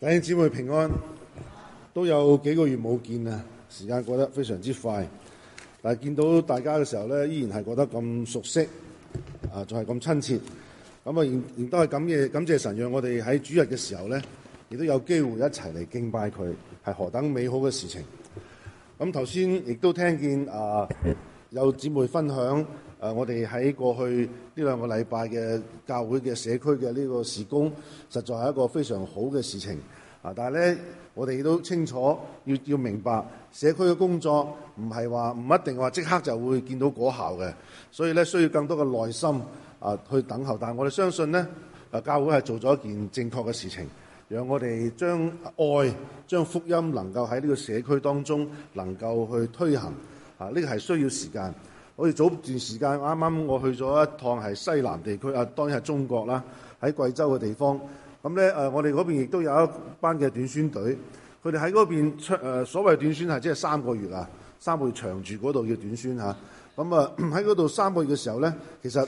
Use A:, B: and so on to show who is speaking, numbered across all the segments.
A: 弟兄姐妹平安，都有幾個月冇見啦，時間過得非常之快。但係見到大家嘅時候咧，依然係覺得咁熟悉，啊，仲係咁親切。咁啊，亦都係咁嘅，感謝神讓我哋喺主日嘅時候咧，亦都有機會一齊嚟敬拜佢，係何等美好嘅事情。咁頭先亦都聽見啊，有姊妹分享。誒，我哋喺過去呢兩個禮拜嘅教會嘅社區嘅呢個事工，實在係一個非常好嘅事情啊！但係咧，我哋亦都清楚要要明白社區嘅工作唔係話唔一定話即刻就會見到果效嘅，所以咧，需要更多嘅耐心啊去等候。但係我哋相信呢，誒教會係做咗一件正確嘅事情，讓我哋將愛、將福音能夠喺呢個社區當中能夠去推行啊！呢個係需要時間。我哋早段時間啱啱我去咗一趟係西南地區啊，當然係中國啦，喺貴州嘅地方。咁咧誒，我哋嗰邊亦都有一班嘅短宣隊，佢哋喺嗰邊誒所謂短宣係即係三個月啊，三個月長住嗰度叫短宣嚇。咁啊喺嗰度三個月嘅時候咧，其實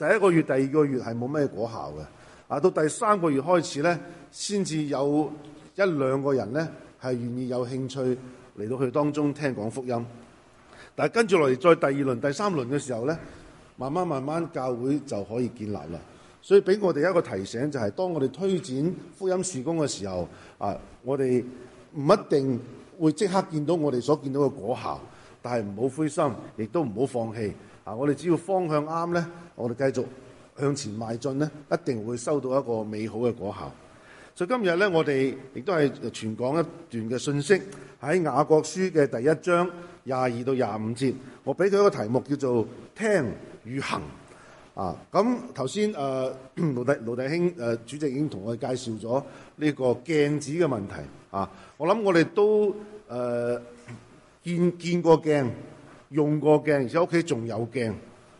A: 第一個月、第二個月係冇咩果效嘅。啊，到第三個月開始咧，先至有一兩個人咧係願意有興趣嚟到佢當中聽講福音。但係跟住落嚟，再第二輪，第三輪嘅時候咧，慢慢慢慢教會就可以建立啦。所以俾我哋一個提醒就係、是、當我哋推展福音事工嘅時候，啊，我哋唔一定會即刻見到我哋所見到嘅果效，但係唔好灰心，亦都唔好放棄啊，我哋只要方向啱咧，我哋繼續向前邁進咧，一定會收到一個美好嘅果效。所以今日咧，我哋亦都係全講一段嘅信息，喺《雅各書》嘅第一章廿二到廿五節，我俾佢一個題目叫做「聽與行」啊。咁頭先誒盧弟盧弟兄誒、呃、主席已經同我哋介紹咗呢個鏡子嘅問題啊。我諗我哋都誒、呃、見見過鏡、用過鏡，而且屋企仲有鏡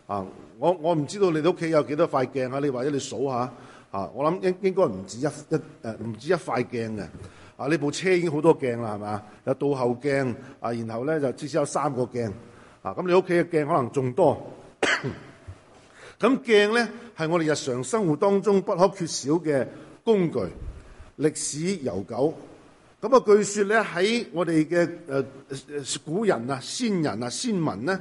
A: 啊。我我唔知道你哋屋企有幾多塊鏡啊？你或者你數下。啊！我諗應應該唔止一一誒，唔止一塊鏡嘅。啊！呢部車已經好多鏡啦，係嘛？有倒後鏡，啊，然後咧就至少有三個鏡。啊！咁你屋企嘅鏡可能仲多。咁 鏡咧係我哋日常生活當中不可缺少嘅工具，歷史悠久。咁啊，據說咧喺我哋嘅誒誒古人啊、先人啊、先民咧、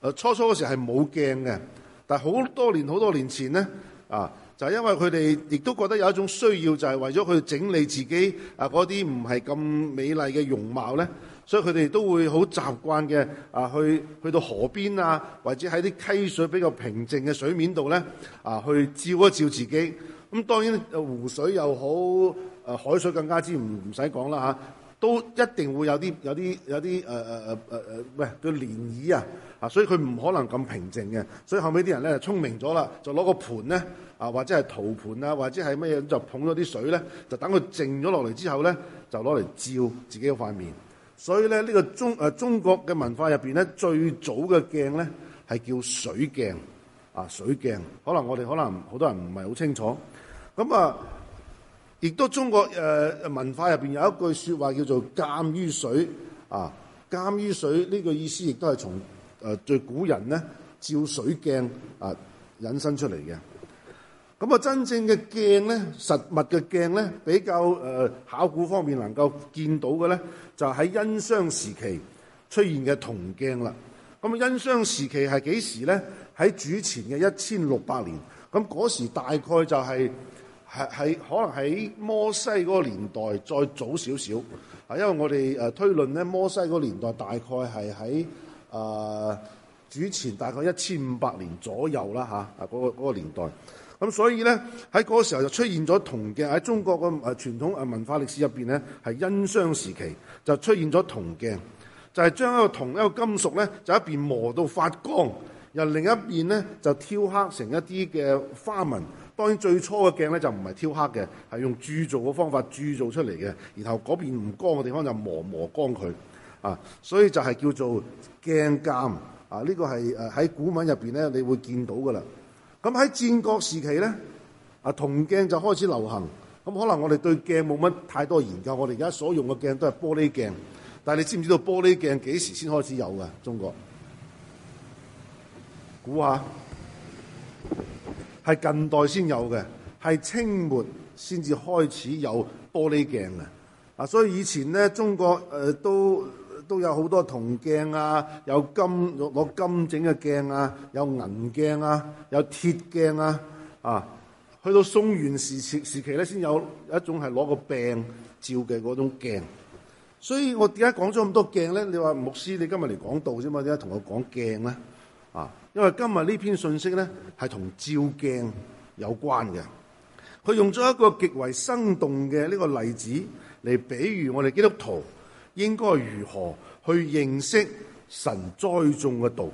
A: 啊，誒初初嗰時係冇鏡嘅，但係好多年好多年前咧，啊！因為佢哋亦都覺得有一種需要，就係、是、為咗去整理自己啊嗰啲唔係咁美麗嘅容貌咧，所以佢哋都會好習慣嘅啊去去到河邊啊，或者喺啲溪水比較平靜嘅水面度咧啊去照一照自己。咁當然，誒湖水又好，誒海水更加之唔唔使講啦嚇。都一定會有啲有啲有啲誒誒誒誒誒，喂、呃，叫、呃、漣、呃、漪啊，啊，所以佢唔可能咁平靜嘅，所以後尾啲人咧就聰明咗啦，就攞個盤咧啊，或者係陶盤啊，或者係乜嘢，就捧咗啲水咧，就等佢靜咗落嚟之後咧，就攞嚟照自己嗰塊面。所以咧呢個中誒、呃、中國嘅文化入邊咧，最早嘅鏡咧係叫水鏡啊，水鏡可能我哋可能好多人唔係好清楚，咁啊。亦都中國誒文化入面有一句說話叫做鑑於水啊，鑑於水呢個意思亦都係從誒最古人咧照水鏡啊引申出嚟嘅。咁啊，真正嘅鏡咧，實物嘅鏡咧，比較誒考古方面能夠見到嘅咧，就喺殷商時期出現嘅銅鏡啦。咁殷商時期係幾時咧？喺主前嘅一千六百年。咁嗰時大概就係、是。係係可能喺摩西嗰個年代再早少少，啊，因為我哋誒推論咧，摩西嗰個年代大概係喺誒主前大概一千五百年左右啦嚇，啊嗰、嗰個嗰個年代。咁所以咧喺嗰時候就出現咗銅鏡，喺中國個誒傳統誒文化歷史入邊咧係殷商時期就出現咗銅鏡，就係、係、將一個銅一個金屬咧就一邊磨到發光，由另一邊咧就雕刻成一啲嘅花紋。當然最初嘅鏡咧就唔係挑黑嘅，係用鑄造嘅方法鑄造出嚟嘅，然後嗰邊唔光嘅地方就磨磨光佢啊，所以就係叫做鏡鑑啊，呢個係誒喺古文入邊咧你會見到嘅啦。咁喺戰國時期咧啊銅鏡就開始流行，咁可能我哋對鏡冇乜太多研究，我哋而家所用嘅鏡都係玻璃鏡，但係你知唔知道玻璃鏡幾時先開始有嘅？中國，估下？係近代先有嘅，係清末先至開始有玻璃鏡嘅。啊，所以以前咧，中國誒、呃、都都有好多銅鏡啊，有金攞金整嘅鏡啊，有銀鏡啊，有鐵鏡啊。啊，去到宋元時時期咧，先有一種係攞個病照嘅嗰種鏡。所以我點解講咗咁多鏡咧？你話牧師，你今日嚟講道啫嘛，點解同我講鏡咧？啊！因為今日呢篇信息咧係同照鏡有關嘅，佢用咗一個極為生動嘅呢個例子嚟比喻我哋基督徒應該如何去認識神栽種嘅道，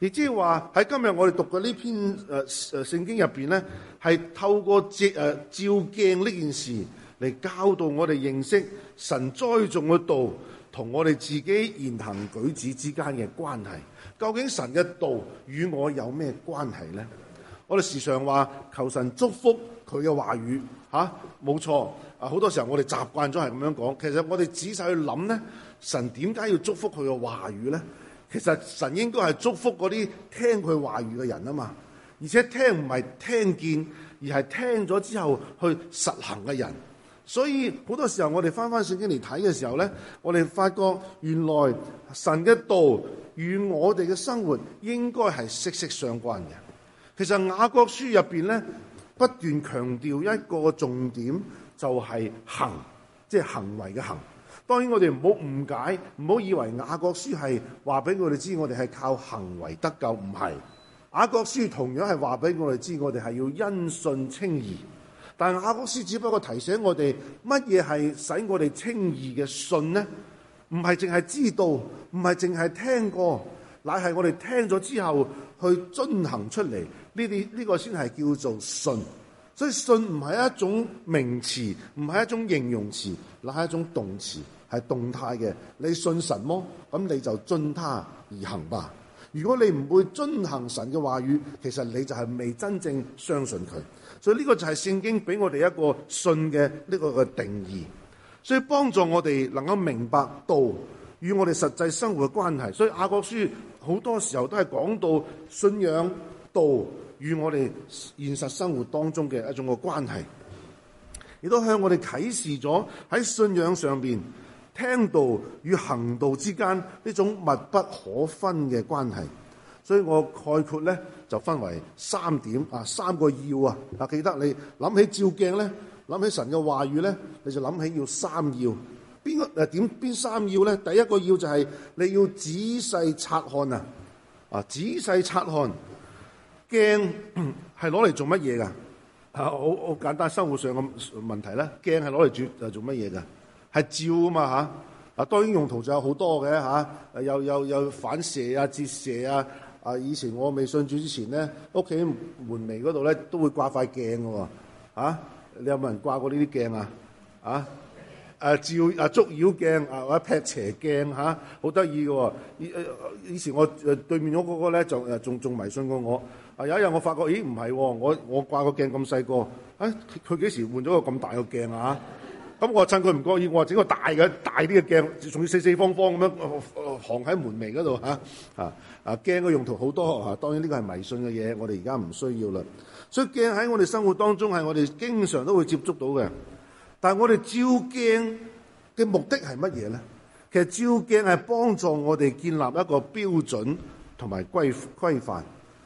A: 亦即係話喺今日我哋讀嘅呢篇誒誒聖經入邊咧，係透過誒照鏡呢件事嚟教導我哋認識神栽種嘅道。同我哋自己言行舉止之間嘅關係，究竟神嘅道與我有咩關係呢？我哋時常話求神祝福佢嘅話語，吓、啊、冇錯。啊，好多時候我哋習慣咗係咁樣講，其實我哋仔細去諗呢，神點解要祝福佢嘅話語呢？其實神應該係祝福嗰啲聽佢話語嘅人啊嘛，而且聽唔係聽見，而係聽咗之後去實行嘅人。所以好多時候，我哋翻翻聖經嚟睇嘅時候咧，我哋發覺原來神嘅道與我哋嘅生活應該係息息相關嘅。其實雅各書入邊咧，不斷強調一個重點就係行，即係行為嘅行。當然我哋唔好誤解，唔好以為雅各書係話俾我哋知，我哋係靠行為得救，唔係。雅各書同樣係話俾我哋知，我哋係要因信稱義。但雅各書只不過提醒我哋，乜嘢係使我哋稱義嘅信呢？唔係淨係知道，唔係淨係聽過，乃係我哋聽咗之後去遵行出嚟，呢啲呢個先係叫做信。所以信唔係一種名詞，唔係一種形容詞，乃係一種動詞，係動態嘅。你信神嗎？咁你就遵他而行吧。如果你唔會遵行神嘅話語，其實你就係未真正相信佢。所以呢個就係聖經俾我哋一個信嘅呢個嘅定義，所以幫助我哋能夠明白道與我哋實際生活嘅關係，所以雅各書好多時候都係講到信仰道與我哋現實生活當中嘅一種嘅關係，亦都向我哋啟示咗喺信仰上面聽道與行道之間呢種密不可分嘅關係。所以我概括咧就分為三點啊，三個要啊。啊，記得你諗起照鏡咧，諗起神嘅話語咧，你就諗起要三要。邊個誒點邊三要咧？第一個要就係、是、你要仔細察看啊。啊，仔細察看，鏡係攞嚟做乜嘢㗎？啊，好好簡單，生活上嘅問題呢，鏡係攞嚟做做乜嘢㗎？係照啊嘛啊，當然用途就有好多嘅嚇、啊。又又又反射啊、折射啊。啊，有有啊，啊，啊，啊，啊，啊！以前我未信主之前咧，屋企門楣嗰度咧都會掛塊鏡嘅喎。你有冇人掛過呢啲鏡啊？啊！誒照誒捉妖鏡，啊或者劈邪鏡嚇，好得意嘅喎。以以前我誒對面嗰個咧就誒仲仲迷信過我。啊有一日我發覺，咦唔係喎，我我掛個鏡咁細個，誒佢幾時換咗個咁大個鏡啊？咁我趁佢唔覺意，我話整個大嘅大啲嘅鏡，仲要四四方方咁樣行喺門楣嗰度嚇啊！啊鏡嘅、啊、用途好多嚇、啊，當然呢個係迷信嘅嘢，我哋而家唔需要啦。所以鏡喺、yeah. 我哋生活當中係我哋經常都會接觸到嘅。但係我哋照鏡嘅目的係乜嘢咧？其實照鏡係幫助我哋建立一個標準同埋規規範。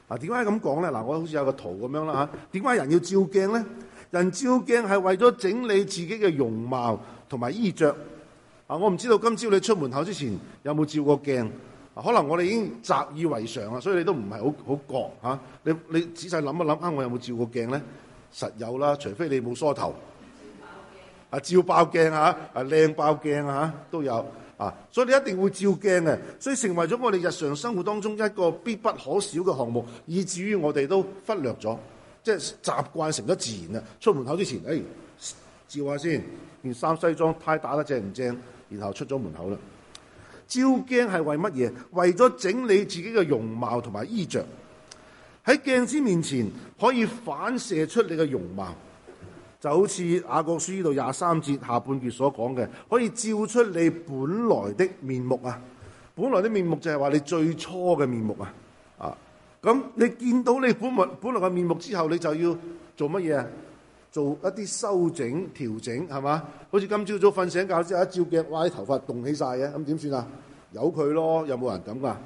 A: 啊，點解咁講咧？嗱、啊，我好似有個圖咁樣啦嚇。點解、啊啊、人要照鏡咧？人照鏡係為咗整理自己嘅容貌同埋衣著啊！我唔知道今朝你出門口之前有冇照過鏡啊？可能我哋已經習以為常啦，所以你都唔係好好覺吓你你仔細諗一諗，啊我有冇照過鏡咧？實有啦，除非你冇梳頭啊照爆鏡,照爆鏡啊啊靚爆鏡啊都有啊！所以你一定會照鏡嘅，所以成為咗我哋日常生活當中一個必不可少嘅項目，以至於我哋都忽略咗。即係習慣成咗自然啦。出門口之前，誒、哎、照下先，件衫西裝，呔打得正唔正，然後出咗門口啦。照鏡係為乜嘢？為咗整理自己嘅容貌同埋衣着。喺鏡子面前可以反射出你嘅容貌，就好似雅各書呢度廿三節下半節所講嘅，可以照出你本來的面目啊。本來的面目就係話你最初嘅面目啊。咁你見到你本物本來個面目之後，你就要做乜嘢啊？做一啲修整調整係嘛？好似今朝早瞓醒覺之後一照鏡，哇，啲頭髮凍起晒嘅，咁點算啊？由佢咯，有冇人咁噶？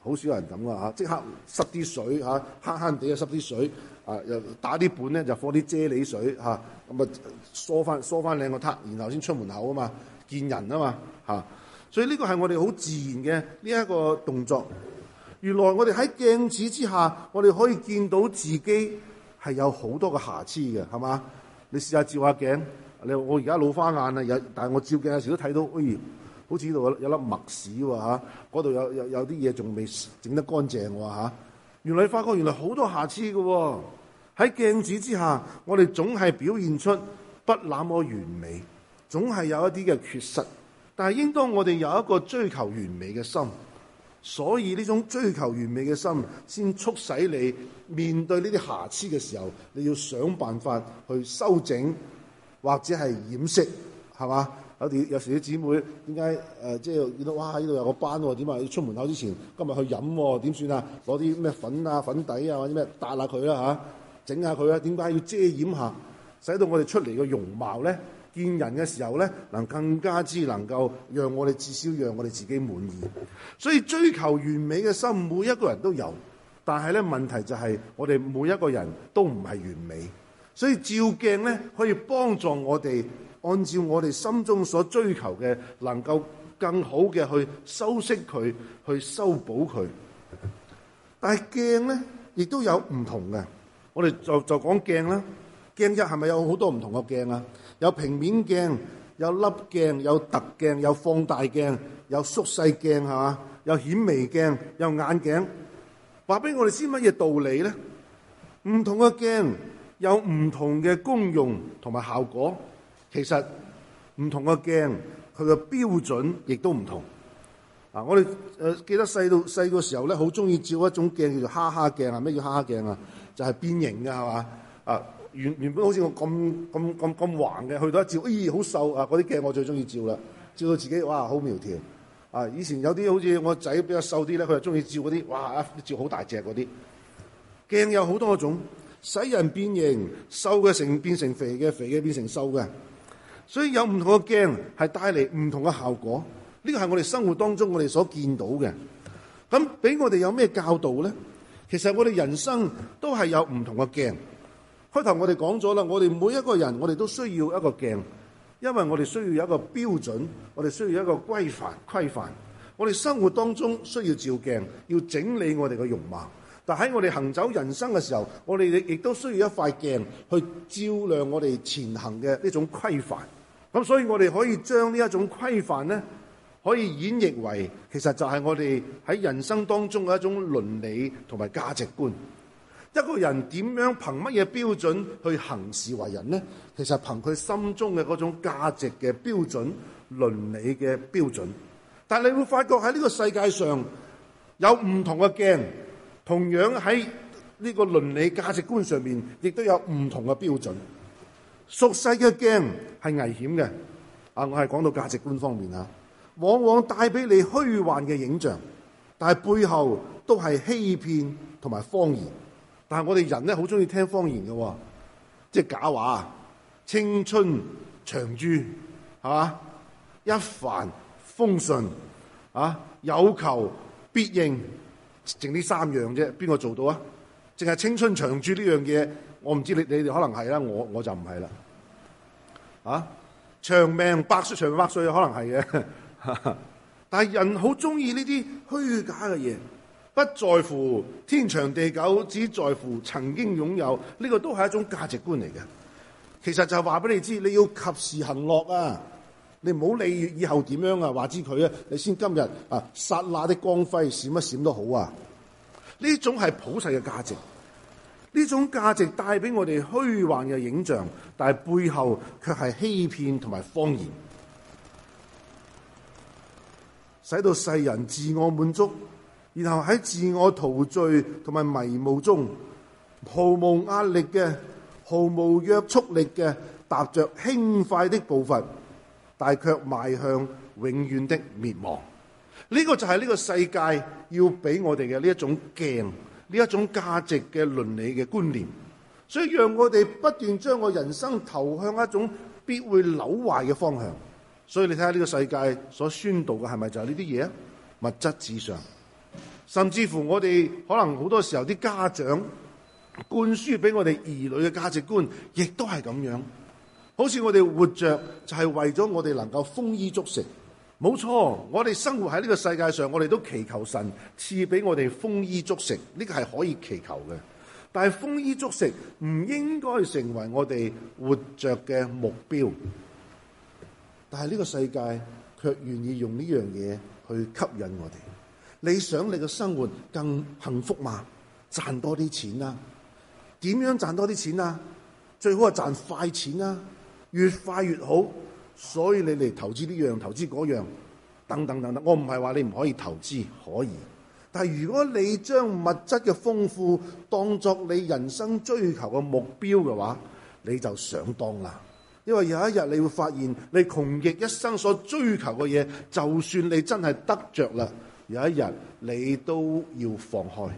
A: 好少人咁噶嚇，即刻濕啲水嚇，慳慳地啊濕啲水啊，又打啲本咧就放啲啫喱水嚇，咁啊梳翻梳翻靚個頭，然後先出門口啊嘛，見人啊嘛嚇，所以呢個係我哋好自然嘅呢一個動作。原來我哋喺鏡子之下，我哋可以見到自己係有好多嘅瑕疵嘅，係嘛？你試下照下鏡，你我而家老花眼啦，有，但係我照鏡有時都睇到，哎，好似度有有粒墨屎喎嚇，嗰度有有有啲嘢仲未整得乾淨喎、啊，原來你發覺原來好多瑕疵嘅喎，喺鏡子之下，我哋總係表現出不那麼完美，總係有一啲嘅缺失，但係應當我哋有一個追求完美嘅心。所以呢種追求完美嘅心，先促使你面對呢啲瑕疵嘅時候，你要想辦法去修整，或者係掩飾，係嘛？有啲有時啲姊妹點解誒？即係見到哇，呢度有個斑喎、啊，點啊？出門口之前，今日去飲喎，點算啊？攞啲咩粉啊、粉底啊或者咩打下佢啦嚇，整下佢啦、啊，點解要遮掩下，使到我哋出嚟嘅容貌咧？見人嘅時候呢，能更加之能夠讓我哋至少讓我哋自己滿意。所以追求完美嘅心，每一個人都有，但係咧問題就係我哋每一個人都唔係完美。所以照鏡呢，可以幫助我哋按照我哋心中所追求嘅，能夠更好嘅去修飾佢，去修補佢。但係鏡呢，亦都有唔同嘅。我哋就就講鏡啦。鏡一係咪有好多唔同嘅鏡啊？有平面鏡，有凹鏡，有凸鏡，有放大鏡，有縮細鏡，係嘛？有顯微鏡，有眼鏡。話俾我哋知乜嘢道理咧？唔同嘅鏡有唔同嘅功用同埋效果，其實唔同嘅鏡佢嘅標準亦都唔同。啊！我哋誒記得細到細個時候咧，好中意照一種鏡叫做哈哈鏡啊！咩叫哈哈鏡啊？就係變形嘅係嘛？啊！原原本好似我咁咁咁咁橫嘅，去到一照，咦，好瘦啊！嗰啲鏡我最中意照啦，照到自己哇，好苗條啊！以前有啲好似我仔比較瘦啲咧，佢就中意照嗰啲，哇，一照好大隻嗰啲。鏡有好多種，使人變形，瘦嘅成變成肥嘅，肥嘅變成瘦嘅，所以有唔同嘅鏡係帶嚟唔同嘅效果。呢個係我哋生活當中我哋所見到嘅。咁俾我哋有咩教導咧？其實我哋人生都係有唔同嘅鏡。開頭我哋講咗啦，我哋每一個人，我哋都需要一個鏡，因為我哋需要有一個標準，我哋需要一個規範。規範，我哋生活當中需要照鏡，要整理我哋嘅容貌。但喺我哋行走人生嘅時候，我哋亦都需要一塊鏡去照亮我哋前行嘅呢種規範。咁所以，我哋可以將呢一種規範呢，可以演繹為其實就係我哋喺人生當中嘅一種倫理同埋價值觀。一個人點樣憑乜嘢標準去行事為人呢？其實是憑佢心中嘅嗰種價值嘅標準、倫理嘅標準。但係你會發覺喺呢個世界上有唔同嘅鏡，同樣喺呢個倫理價值觀上面，亦都有唔同嘅標準。俗世嘅鏡係危險嘅。啊，我係講到價值觀方面啊，往往帶俾你虛幻嘅影像，但係背後都係欺騙同埋謊言。但係我哋人咧，好中意聽謊言嘅喎，即係假話。青春長駐，係嘛？一帆風順，啊，有求必應，剩呢三樣啫。邊個做到啊？淨係青春長駐呢樣嘢，我唔知你你哋可能係啦，我我就唔係啦。啊，長命百歲，長命百歲可能係嘅，但係人好中意呢啲虛假嘅嘢。不在乎天長地久，只在乎曾經擁有。呢個都係一種價值觀嚟嘅。其實就話俾你知，你要及時行樂啊！你唔好理以後點樣啊，話之佢啊，你先今日啊，剎那的光輝閃一閃都好啊！呢種係普世嘅價值，呢種價值帶俾我哋虛幻嘅影像，但係背後卻係欺騙同埋謊言，使到世人自我滿足。然後喺自我陶醉同埋迷霧中，毫無壓力嘅、毫無約束力嘅，踏着輕快的步伐，但係卻邁向永遠的滅亡。呢、呢個就係呢個世界要俾我哋嘅呢一種鏡，呢一種價值嘅倫理嘅觀念，所以讓我哋不斷將我人生投向一種必會扭壞嘅方向。所以你睇下呢個世界所宣導嘅係咪就係呢啲嘢啊？物質至上。甚至乎我哋可能好多時候啲家長灌輸俾我哋兒女嘅價值觀亦都係咁樣。好似我哋活着就係為咗我哋能夠豐衣足食。冇錯，我哋生活喺呢個世界上，我哋都祈求神賜俾我哋豐衣足食，呢個係可以祈求嘅。但係豐衣足食唔應該成為我哋活着嘅目標，但係呢個世界卻願意用呢樣嘢去吸引我哋。你想你嘅生活更幸福嘛？賺多啲錢啊，點樣賺多啲錢啊？最好係賺快錢啊，越快越好。所以你嚟投資呢樣、投資嗰樣，等等等等。我唔係話你唔可以投資，可以。但如果你將物質嘅豐富當作你人生追求嘅目標嘅話，你就上當啦。因為有一日你會發現，你窮極一生所追求嘅嘢，就算你真係得着啦。有一日你都要放開，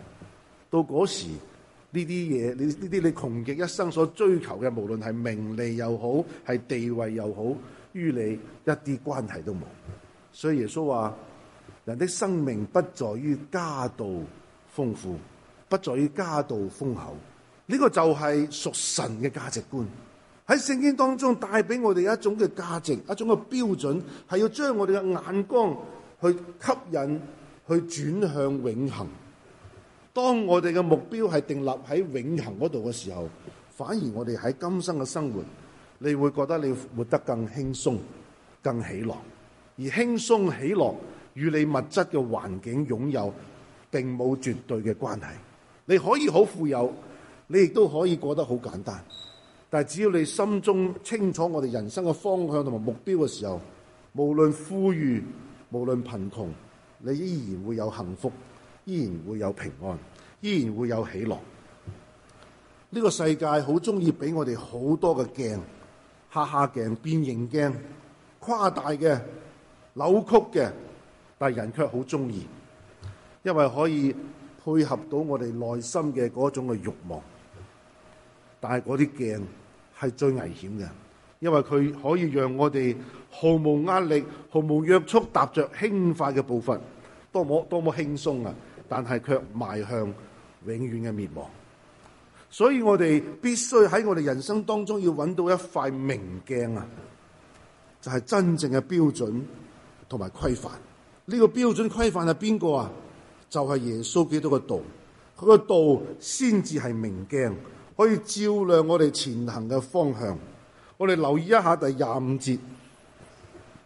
A: 到嗰時，呢啲嘢，你呢啲你窮極一生所追求嘅，無論係名利又好，係地位又好，於你一啲關係都冇。所以耶穌話，人的生命不在於家道豐富，不在於家道豐厚。呢個就係屬神嘅價值觀，喺聖經當中帶俾我哋一種嘅價值，一種嘅標準，係要將我哋嘅眼光去吸引去轉向永恒。當我哋嘅目標係定立喺永恒嗰度嘅時候，反而我哋喺今生嘅生活，你會覺得你活得更輕鬆、更喜樂。而輕鬆喜樂與你物質嘅環境擁有並冇絕對嘅關係。你可以好富有，你亦都可以過得好簡單。但只要你心中清楚我哋人生嘅方向同埋目標嘅時候，無論富裕，無論貧窮，你依然會有幸福，依然會有平安，依然會有喜樂。呢、這個世界好中意俾我哋好多嘅鏡，哈哈鏡、變形鏡、誇大嘅、扭曲嘅，但係人卻好中意，因為可以配合到我哋內心嘅嗰種嘅慾望。但係嗰啲鏡係最危險嘅，因為佢可以讓我哋，毫無壓力、毫無約束，踏着輕快嘅步伐，多麼多麼輕鬆啊！但係卻邁向永遠嘅滅亡。所以我哋必須喺我哋人生當中要搵到一塊明鏡啊，就係真正嘅標準同埋規範。呢個標準規範係邊個啊？就係耶穌基督嘅道，佢個道先至係明鏡，可以照亮我哋前行嘅方向。我哋留意一下第廿五節。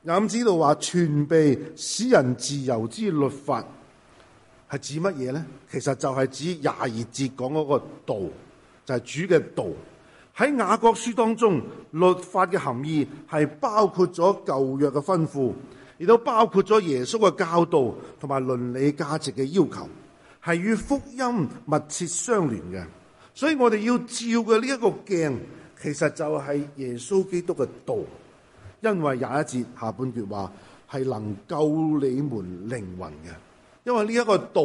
A: 咁知道話全備使人自由之律法係指乜嘢咧？其實就係指廿二節講嗰個道，就係、是、主嘅道。喺雅各書當中，律法嘅含義係包括咗舊約嘅吩咐，亦都包括咗耶穌嘅教導同埋倫理價值嘅要求，係與福音密切相連嘅。所以我哋要照嘅呢一個鏡，其實就係耶穌基督嘅道。因為廿一節下半段話，係能救你們靈魂嘅。因為呢一個道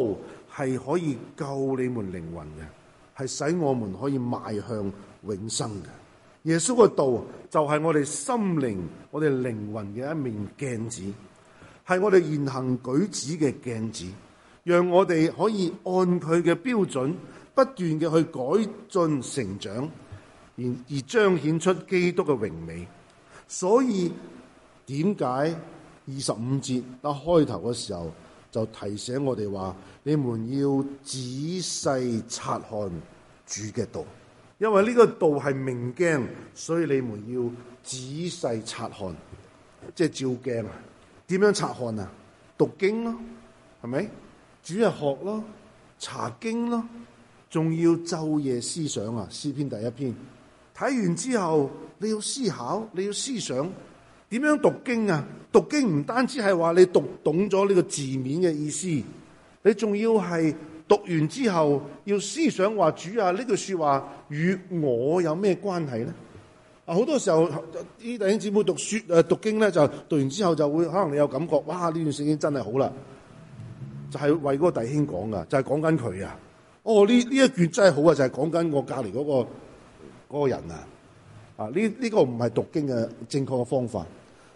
A: 係可以救你們靈魂嘅，係使我們可以邁向永生嘅。耶穌嘅道就係我哋心靈、我哋靈魂嘅一面鏡子，係我哋言行舉止嘅鏡子，讓我哋可以按佢嘅標準不斷嘅去改進成長，然而彰顯出基督嘅榮美。所以點解二十五節一開頭嘅時候就提醒我哋話：你們要仔細察看主嘅道，因為呢個道係明鏡，所以你們要仔細察看，即係照鏡啊！點樣察看啊？讀經咯，係咪？主日學咯，查經咯，仲要晝夜思想啊！詩篇第一篇睇完之後。你要思考，你要思想，點樣讀經啊？讀經唔單止係話你讀懂咗呢個字面嘅意思，你仲要係讀完之後要思想，話主啊，呢句說話與我有咩關係咧？啊，好多時候啲弟兄姊妹讀書誒，讀經咧就讀完之後就會，可能你有感覺，哇！呢段聖經真係好啦，就係為嗰個弟兄講噶，就係講緊佢啊。哦，呢呢一句真係好啊，就係講緊我隔籬嗰個嗰個人啊。呢、啊、呢、呢個唔係讀經嘅正確嘅方法，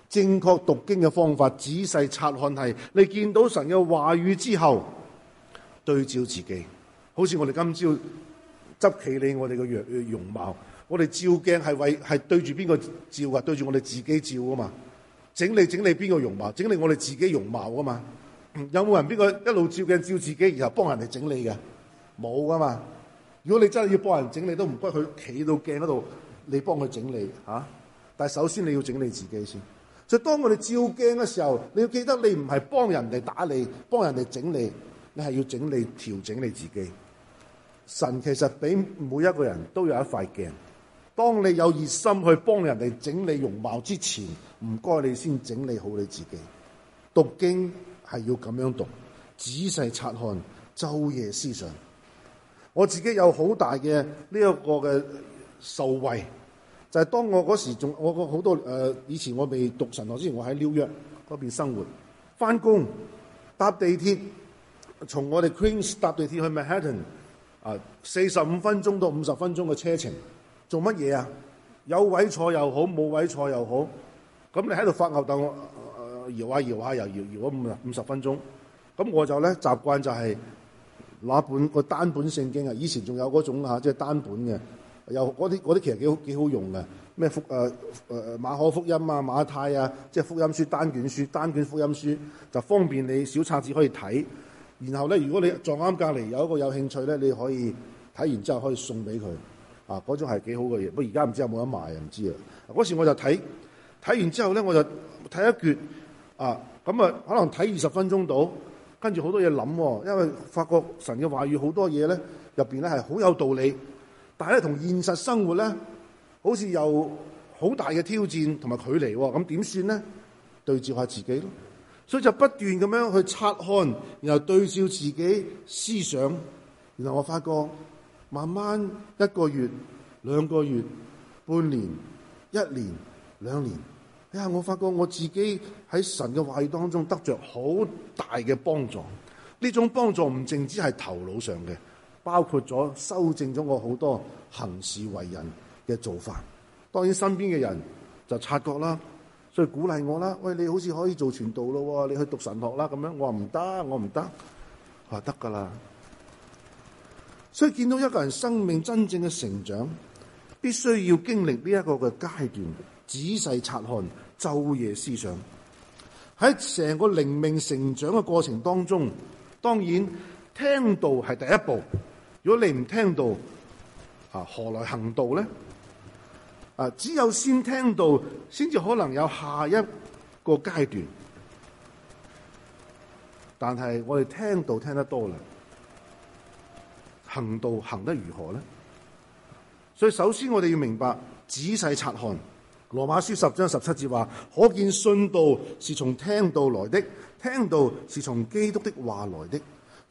A: 正確讀經嘅方法，仔細察看係你見到神嘅話語之後，對照自己。好似我哋今朝執起你我哋嘅容容貌，我哋照鏡係為係對住邊個照啊？對住我哋自己照啊嘛？整理整理邊個容貌？整理我哋自己容貌啊嘛？有冇人邊個一路照鏡照自己，然後幫人哋整理嘅？冇啊嘛！如果你真係要幫人整理，都唔該去企到鏡嗰度。你幫佢整理吓、啊，但首先你要整理自己先。所以當我哋照鏡嘅時候，你要記得你唔係幫人哋打理，幫人哋整理，你係要整理、調整你自己。神其實俾每一個人都有一塊鏡。當你有熱心去幫人哋整理容貌之前，唔該你先整理好你自己。讀經係要咁樣讀，仔細察看，晝夜思想。我自己有好大嘅呢一個嘅。受惠就係、是、當我嗰時仲我我好多誒、呃、以前我未讀神學之前，我喺紐約嗰邊生活，返工搭地鐵，從我哋 Queens 搭地鐵去 Manhattan 啊、呃，四十五分鐘到五十分鐘嘅車程，做乜嘢啊？有位坐又好，冇位坐又好，咁你喺度發吽哣、呃、搖下、啊、搖下、啊、又搖搖咗五五十分鐘，咁我就咧習慣就係拿本個單本聖經啊，以前仲有嗰種啊，即係單本嘅。有嗰啲嗰啲其實幾好幾好用嘅，咩福、呃呃、馬可福音啊、馬太啊，即係福音書單卷書單卷福音書，就方便你小冊子可以睇。然後咧，如果你撞啱隔離有一個有興趣咧，你可以睇完之後可以送俾佢。啊，嗰種係幾好嘅嘢，不過而家唔知有冇得賣唔知啊。嗰時我就睇睇完之後咧，我就睇一卷啊，咁啊可能睇二十分鐘到，跟住好多嘢諗、哦，因為發覺神嘅話語好多嘢咧入邊咧係好有道理。但係同現實生活咧，好似有好大嘅挑戰同埋距離喎。咁點算咧？對照下自己咯。所以就不斷咁樣去察看，然後對照自己思想。然後我發覺，慢慢一個月、兩個月、半年、一年、兩年，哎呀！我發覺我自己喺神嘅話語當中得着好大嘅幫助。呢種幫助唔淨止係頭腦上嘅。包括咗修正咗我好多行事為人嘅做法，當然身邊嘅人就察覺啦，所以鼓勵我啦。喂，你好似可以做傳道咯，你去讀神學啦咁樣，我話唔得，我唔得。話得㗎啦。所以見到一個人生命真正嘅成長，必須要經歷呢一個嘅階段，仔細察看，晝夜思想。喺成個靈命成長嘅過程當中，當然聽道係第一步。如果你唔聽道，啊，何來行道呢？啊，只有先聽道，先至可能有下一個階段。但係我哋聽道聽得多啦，行道行得如何咧？所以首先我哋要明白，仔細察看《羅馬書》十章十七節話，可見信道是從聽道來的，聽道是從基督的話來的。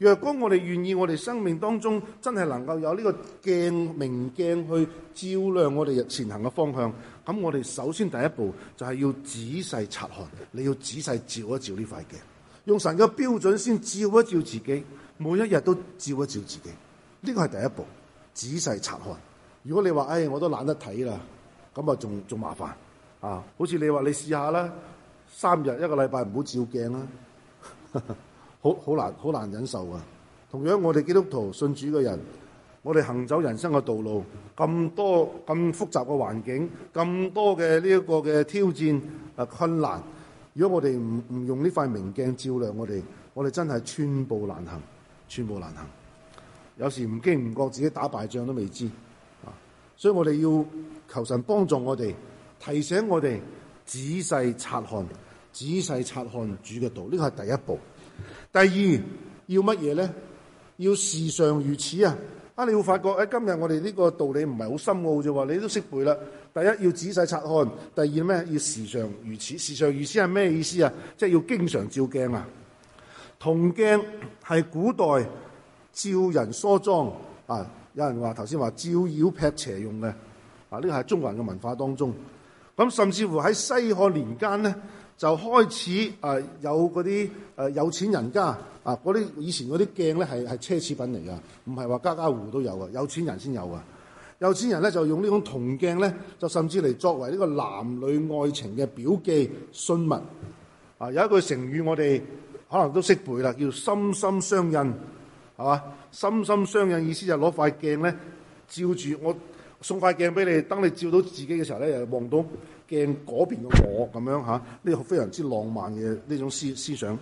A: 若果我哋願意，我哋生命當中真係能夠有呢個鏡，明鏡去照亮我哋日前行嘅方向，咁我哋首先第一步就係要仔細察看，你要仔細照一照呢塊鏡，用神嘅標準先照一照自己，每一日都照一照自己，呢個係第一步，仔細察看。如果你話，唉，我都懶得睇啦，咁啊仲仲麻煩啊！好似你話你試下啦，三日一個禮拜唔好照鏡啦、啊。 好好難好難忍受啊！同樣我哋基督徒信主嘅人，我哋行走人生嘅道路，咁多咁複雜嘅環境，咁多嘅呢一個嘅挑戰啊困難。如果我哋唔唔用呢塊明鏡照亮我哋，我哋真係寸步難行，寸步難行。有時唔經唔覺自己打敗仗都未知，所以我哋要求神幫助我哋，提醒我哋仔細察看，仔細察看主嘅道，呢個係第一步。第二要乜嘢咧？要時常如此啊！啊，你會發覺喺今日我哋呢個道理唔係好深奧啫。話你都識背啦。第一要仔細察看；第二咩？要時常如此。時常如此係咩意思啊？即係要經常照鏡啊。銅鏡係古代照人梳妝啊。有人話頭先話照妖劈邪用嘅啊。呢個係中國人嘅文化當中咁，甚至乎喺西漢年間咧就開始啊有嗰啲。誒有錢人家啊，嗰啲以前嗰啲鏡咧係係奢侈品嚟噶，唔係話家家戶戶都有噶，有錢人先有噶。有錢人咧就用呢種銅鏡咧，就甚至嚟作為呢個男女愛情嘅表記信物。啊，有一句成語我哋可能都識背啦，叫心心相印，係嘛？心心相印意思就攞塊鏡咧，照住我送塊鏡俾你，等你照到自己嘅時候咧，又望到鏡嗰邊嘅我咁樣嚇，呢個非常之浪漫嘅呢種思思想。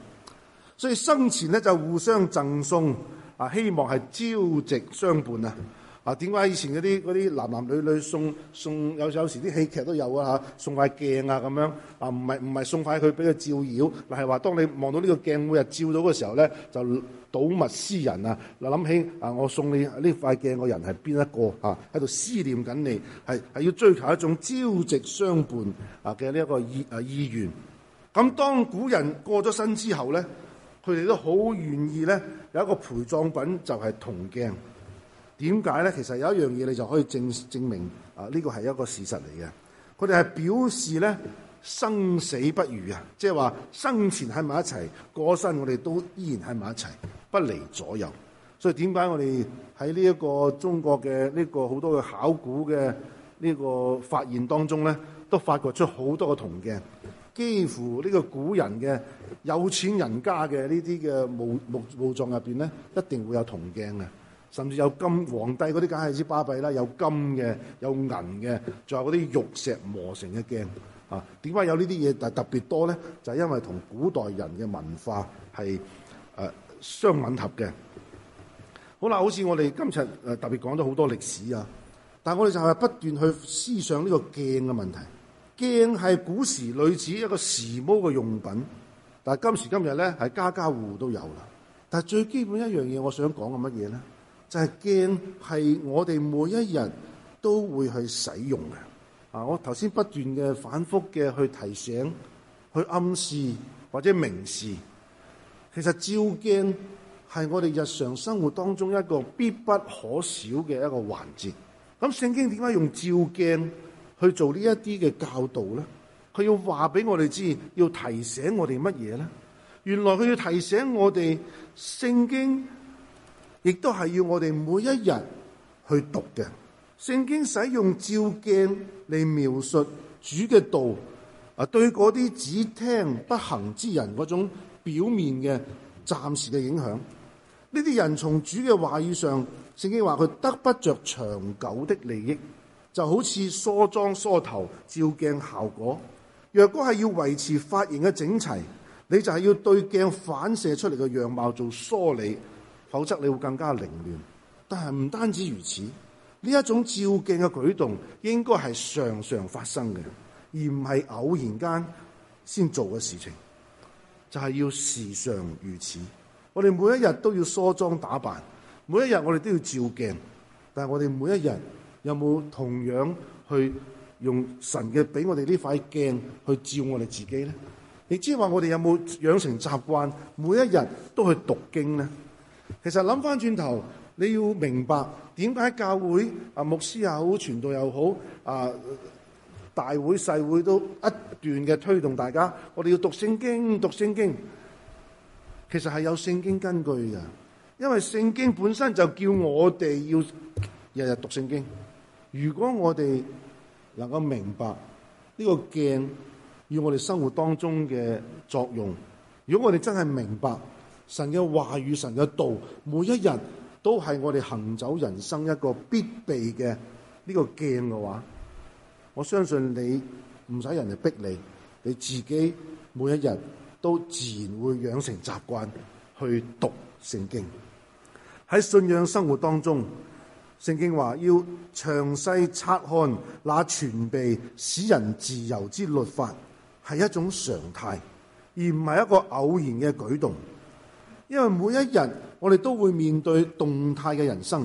A: 所以生前咧就互相贈送啊，希望係朝夕相伴啊！啊，點解以前嗰啲啲男男女女送送有有時啲戲劇都有啊嚇，送塊鏡啊咁樣啊，唔係唔係送塊佢俾佢照妖，但係話當你望到呢個鏡每日照到嘅時候咧，就睹物思人啊！嗱，諗起啊，我送你呢塊鏡嘅人係邊一個啊？喺度思念緊你，係係要追求一種朝夕相伴啊嘅呢一個意啊意願。咁，啊，當古人過咗身之後咧。佢哋都好願意咧，有一個陪葬品就係銅鏡。點解咧？其實有一樣嘢你就可以證證明啊，呢個係一個事實嚟嘅。佢哋係表示咧生死不渝啊，即係話生前喺埋一齊，過咗身我哋都依然喺埋一齊，不離左右。所以點解我哋喺呢一個中國嘅呢個好多嘅考古嘅呢個發現當中咧，都發掘出好多個銅鏡。幾乎呢個古人嘅有錢人家嘅呢啲嘅墓、墓、墓葬入邊咧，一定會有銅鏡嘅，甚至有金，皇帝嗰啲梗係知巴閉啦，有金嘅，有銀嘅，仲有嗰啲玉石磨成嘅鏡啊！點解有呢啲嘢？但係特別多咧，就係、是、因為同古代人嘅文化係誒、呃、相吻合嘅。好啦，好似我哋今次誒特別講咗好多歷史啊，但係我哋就係不斷去思想呢個鏡嘅問題。鏡係古時類似一個時髦嘅用品，但係今時今日咧，係家家戶戶都有啦。但係最基本一樣嘢，我想講嘅乜嘢咧，就係鏡係我哋每一日都會去使用嘅。啊，我頭先不斷嘅反覆嘅去提醒、去暗示或者明示，其實照鏡係我哋日常生活當中一個必不可少嘅一個環節。咁聖經點解用照鏡？去做呢一啲嘅教導咧，佢要話俾我哋知，要提醒我哋乜嘢咧？原來佢要提醒我哋，聖經亦都係要我哋每一日去讀嘅。聖經使用照鏡嚟描述主嘅道，啊，對嗰啲只聽不行之人嗰種表面嘅暫時嘅影響，呢啲人從主嘅話語上，聖經話佢得不着長久的利益。就好似梳妝梳頭照鏡效果，若果係要維持髮型嘅整齊，你就係要對鏡反射出嚟嘅樣貌做梳理，否則你會更加凌亂。但係唔單止如此，呢一種照鏡嘅舉動應該係常常發生嘅，而唔係偶然間先做嘅事情，就係要時常如此。我哋每一日都要梳妝打扮，每一日我哋都要照鏡，但係我哋每一日。有冇同樣去用神嘅俾我哋呢塊鏡去照我哋自己咧？亦即係話，我哋有冇養成習慣，每一日都去讀經咧？其實諗翻轉頭，你要明白點解教會啊牧師又好，傳道又好啊，大會細會都不斷嘅推動，大家我哋要讀聖經，讀聖經，其實係有聖經根據嘅，因為聖經本身就叫我哋要日日讀聖經。如果我哋能夠明白呢個鏡與我哋生活當中嘅作用，如果我哋真係明白神嘅話與神嘅道，每一日都係我哋行走人生一個必備嘅呢個鏡嘅話，我相信你唔使人哋逼你，你自己每一日都自然會養成習慣去讀聖經喺信仰生活當中。聖經話要詳細察看那全備使人自由之律法，係一種常態，而唔係一個偶然嘅舉動。因為每一日我哋都會面對動態嘅人生，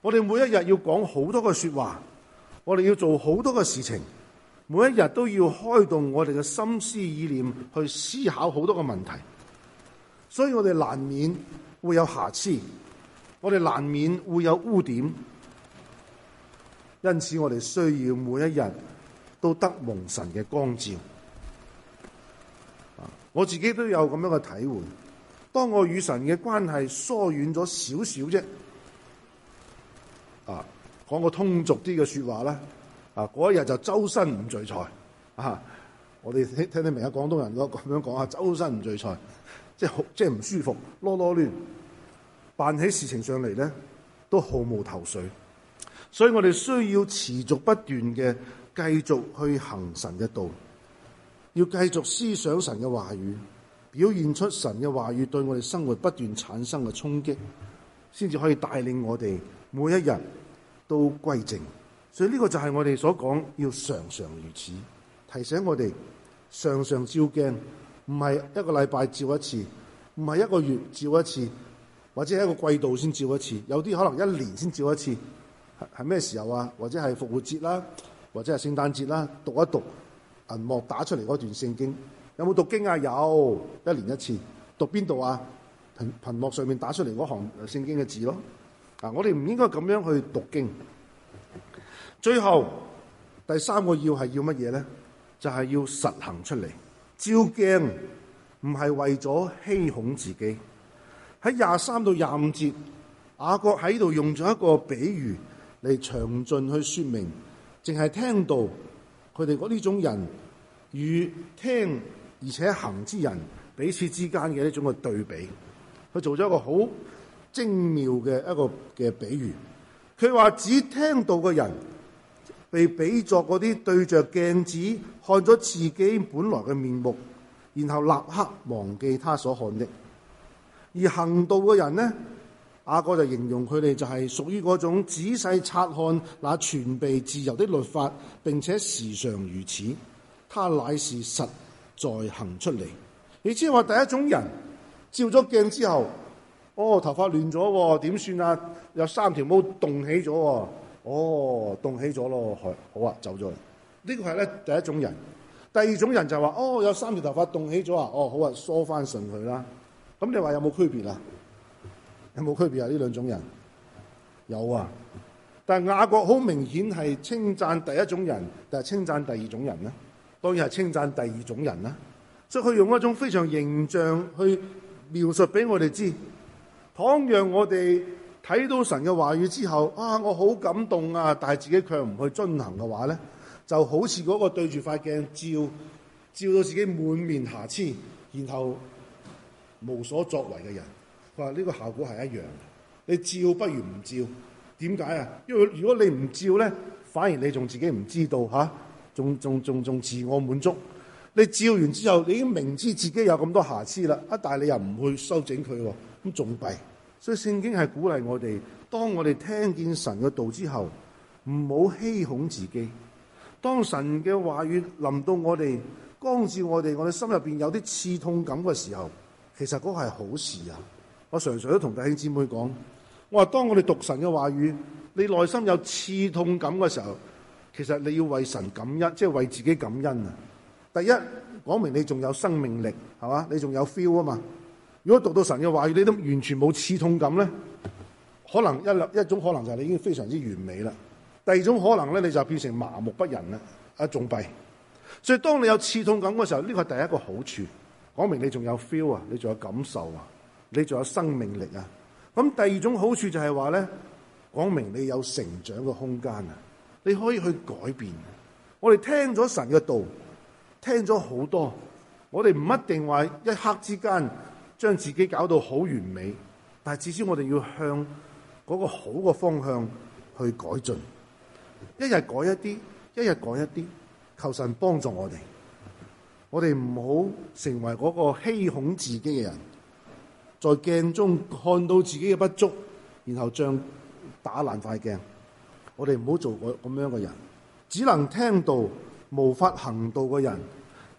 A: 我哋每一日要講好多嘅說話，我哋要做好多嘅事情，每一日都要開動我哋嘅心思意念去思考好多嘅問題，所以我哋難免會有瑕疵。我哋難免會有污點，因此我哋需要每一日都得蒙神嘅光照。啊，我自己都有咁樣嘅體會。當我與神嘅關係疏遠咗少少啫，啊，講個通俗啲嘅説話啦，啊，嗰一日就周身唔聚財，啊，我哋聽，聽聽得明啊，廣東人都咁樣講啊，周身唔聚財，即係好即係唔舒服，囉囉攣。辦起事情上嚟咧，都毫無頭緒，所以我哋需要持續不斷嘅繼續去行神嘅道，要繼續思想神嘅話語，表現出神嘅話語對我哋生活不斷產生嘅衝擊，先至可以帶領我哋每一日都歸正。所以呢個就係我哋所講，要常常如此，提醒我哋，常常照鏡，唔係一個禮拜照一次，唔係一個月照一次。或者喺一個季度先照一次，有啲可能一年先照一次。係咩時候啊？或者係復活節啦、啊，或者係聖誕節啦、啊，讀一讀銀幕打出嚟嗰段聖經。有冇讀經啊？有，一年一次，讀邊度啊？銀幕上面打出嚟嗰行聖經嘅字咯。啊，我哋唔應該咁樣去讀經。最後第三個要係要乜嘢咧？就係、是、要實行出嚟，照鏡唔係為咗欺恐自己。喺廿三到廿五節，雅各喺度用咗一個比喻嚟詳盡去説明，淨係聽到佢哋講呢種人與聽而且行之人彼此之間嘅一種嘅對比，佢做咗一個好精妙嘅一個嘅比喻。佢話，只聽到嘅人被比作嗰啲對着鏡子看咗自己本來嘅面目，然後立刻忘記他所看的。而行道嘅人咧，阿哥就形容佢哋就係屬於嗰種仔細察看那全備自由的律法，並且時常如此。他乃是實在行出嚟。你知唔知話第一種人照咗鏡之後，哦，頭髮亂咗，點算啊？有三條毛動起咗，哦，動起咗咯，去好啊，走咗。呢個係咧第一種人。第二種人就話，哦，有三條頭髮動起咗啊，哦，好啊，梳翻順佢啦。咁你話有冇區別啊？有冇區別啊？呢兩種人有啊，但係雅各好明顯係稱讚第一種人，定係稱讚第二種人呢？當然係稱讚第二種人啦，啊。所以佢用一種非常形象去描述俾我哋知。倘若我哋睇到神嘅話語之後，啊，我好感動啊，但係自己卻唔去遵行嘅話咧，就好似嗰個對住塊鏡照，照到自己滿面瑕疵，然後。無所作為嘅人，佢話呢個效果係一樣嘅。你照不如唔照，點解啊？因為如果你唔照咧，反而你仲自己唔知道吓，仲仲仲仲自我滿足。你照完之後，你已經明知自己有咁多瑕疵啦，一旦你又唔去修整佢喎，咁仲弊。所以聖經係鼓勵我哋，當我哋聽見神嘅道之後，唔好欺哄自己。當神嘅話語臨到我哋，光照我哋，我哋心入邊有啲刺痛感嘅時候。其實嗰個係好事啊！我常常都同弟兄姊妹講，我話當我哋讀神嘅話語，你內心有刺痛感嘅時候，其實你要為神感恩，即係為自己感恩啊！第一，講明你仲有生命力，係嘛？你仲有 feel 啊嘛！如果讀到神嘅話語，你都完全冇刺痛感咧，可能一一種可能就係你已經非常之完美啦。第二種可能咧，你就變成麻木不仁啦，啊，仲弊。所以當你有刺痛感嘅時候，呢個係第一個好處。講明你仲有 feel 啊，你仲有感受啊，你仲有生命力啊。咁第二種好處就係話咧，講明你有成長嘅空間啊，你可以去改變。我哋聽咗神嘅道，聽咗好多，我哋唔一定話一刻之間將自己搞到好完美，但係至少我哋要向嗰個好嘅方向去改進，一日改一啲，一日改一啲，求神幫助我哋。我哋唔好成為嗰個欺哄自己嘅人，在鏡中看到自己嘅不足，然後將打爛塊鏡。我哋唔好做個咁樣嘅人，只能聽道，無法行道嘅人，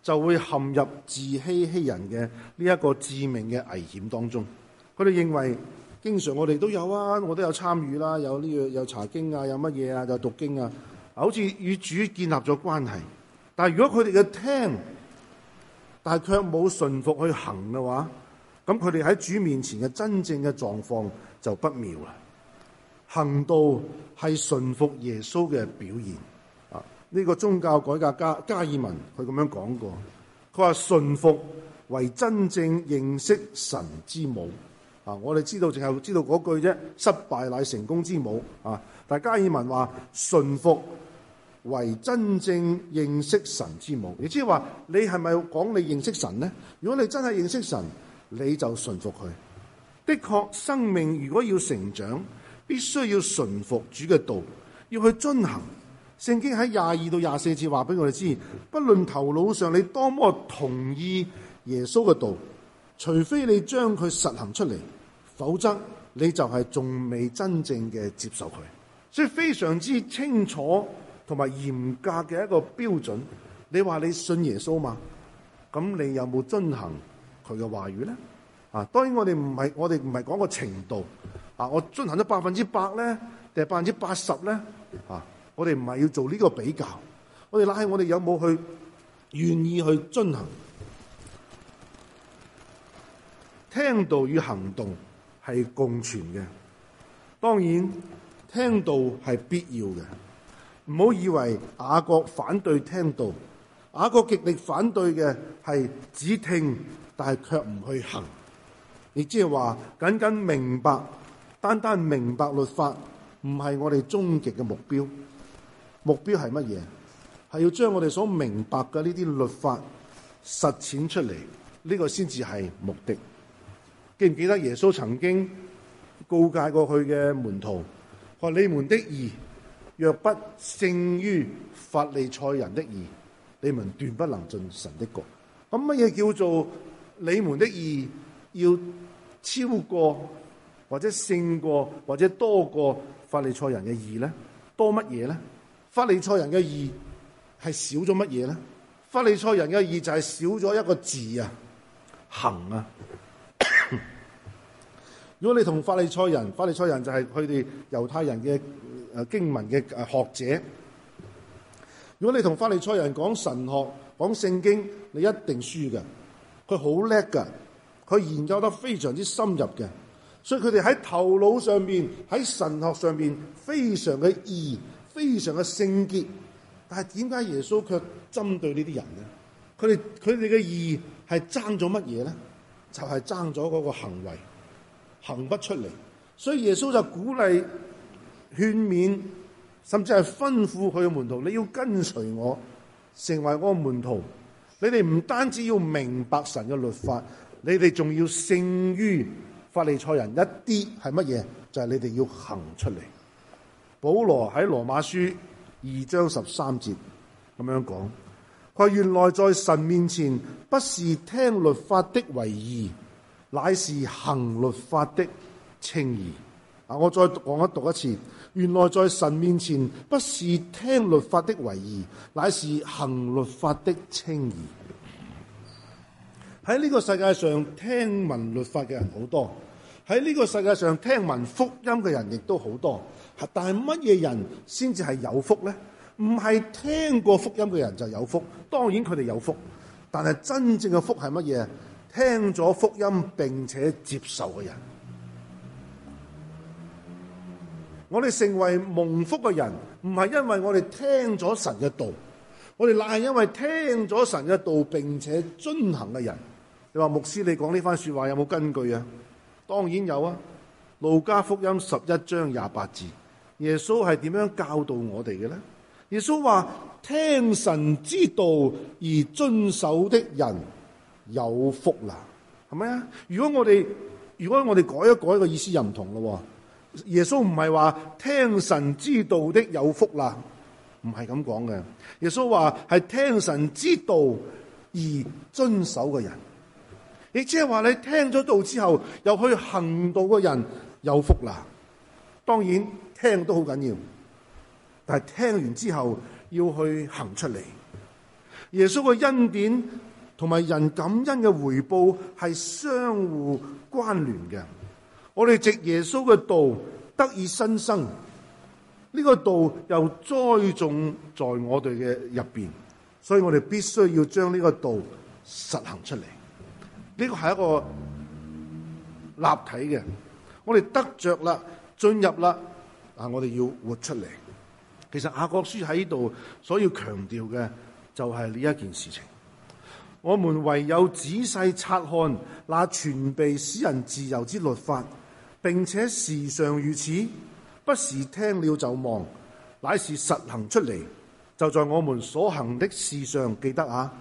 A: 就會陷入自欺欺人嘅呢一個致命嘅危險當中。佢哋認為，經常我哋都有啊，我都有參與啦、啊，有呢、這個有查經啊，有乜嘢啊，有讀經啊，好似與主建立咗關係。但係如果佢哋嘅聽，但係卻冇順服去行嘅話，咁佢哋喺主面前嘅真正嘅狀況就不妙啦。行道係順服耶穌嘅表現。啊、呢、這個宗教改革家加爾文佢咁樣講過，佢話，順服為真正認識神之母。啊，我哋知道淨係知道嗰句啫，失敗乃成功之母。啊，但係加爾文話順服。為真正認識神之母，亦即係話你係咪講你認識神呢？如果你真係認識神，你就順服佢。的確，生命如果要成長，必須要順服主嘅道，要去遵行。聖經喺廿二到廿四節話俾我哋知，不論頭腦上你多麼同意耶穌嘅道，除非你將佢實行出嚟，否則你就係仲未真正嘅接受佢。所以非常之清楚。同埋嚴格嘅一個標準，你話你信耶穌嘛？咁你有冇遵行佢嘅話語咧？啊，當然我哋唔係，我哋唔係講個程度啊，我遵行咗百分之百咧，定係百分之八十咧？啊，我哋唔係要做呢個比較，我哋嗱起我哋有冇去願意去遵行？聽道與行動係共存嘅，當然聽道係必要嘅。唔好以為雅各反對聽道，雅各極力反對嘅係只聽，但係卻唔去行。亦即係話，僅僅明白、單單明白律法，唔係我哋終極嘅目標。目標係乜嘢？係要將我哋所明白嘅呢啲律法實踐出嚟，呢、這個先至係目的。記唔記得耶穌曾經告誡過佢嘅門徒？話你們的義，若不勝於法利賽人的義，你們斷不能進神的國。咁乜嘢叫做你們的義要超過或者勝過或者多過法利賽人嘅義咧？多乜嘢咧？法利賽人嘅義係少咗乜嘢咧？法利賽人嘅義就係少咗一個字啊，行啊。 如果你同法利賽人，法利賽人就係佢哋猶太人嘅。誒，經文嘅誒學者，如果你同法利賽人講神學、講聖經，你一定輸嘅。佢好叻噶，佢研究得非常之深入嘅，所以佢哋喺頭腦上邊、喺神學上邊非常嘅義、非常嘅聖潔。但係點解耶穌卻針對呢啲人咧？佢哋佢哋嘅義係爭咗乜嘢咧？就係爭咗嗰個行為，行不出嚟。所以耶穌就鼓勵。勸勉，甚至係吩咐佢嘅門徒，你要跟隨我，成為我嘅門徒。你哋唔單止要明白神嘅律法，你哋仲要勝於法利賽人一啲係乜嘢？就係、是、你哋要行出嚟。保羅喺羅馬書二章十三節咁樣講，佢，原來在神面前不是聽律法的為義，乃是行律法的稱義。我再講一讀一次。原來在神面前，不是聽律法的為義，乃是行律法的稱義。喺呢個世界上，聽聞律法嘅人好多，喺呢個世界上，聽聞福音嘅人亦都好多。但係乜嘢人先至係有福呢？唔係聽過福音嘅人就有福。當然佢哋有福，但係真正嘅福係乜嘢？聽咗福音並且接受嘅人。我哋成為蒙福嘅人，唔係因為我哋聽咗神嘅道，我哋乃係因為聽咗神嘅道並且遵行嘅人。你話牧師，你講呢番說話有冇根據啊？當然有啊，《路加福音》十一章廿八字，耶穌係點樣教導我哋嘅咧？耶穌話：聽神之道而遵守的人有福啦，係咪啊？如果我哋，如果我哋改一改嘅、這個、意思又唔同咯。耶穌唔係話聽神之道的有福啦，唔係咁講嘅。耶穌話係聽神之道而遵守嘅人，亦即係話你聽咗道之後又去行道嘅人有福啦。當然聽都好緊要，但係聽完之後要去行出嚟。耶穌嘅恩典同埋人感恩嘅回報係相互關聯嘅。我哋藉耶穌嘅道得以新生，呢個道又栽種在我哋嘅入邊，所以我哋必須要將呢個道實行出嚟。呢個係一個立體嘅，我哋得着啦，進入啦，我哋要活出嚟。其實雅各書喺呢度所要強調嘅就係呢一件事情，我們唯有仔細察看那全備使人自由之律法，並且時常如此，不是聽了就忘，乃是實行出嚟。就在我們所行的事上，記得啊！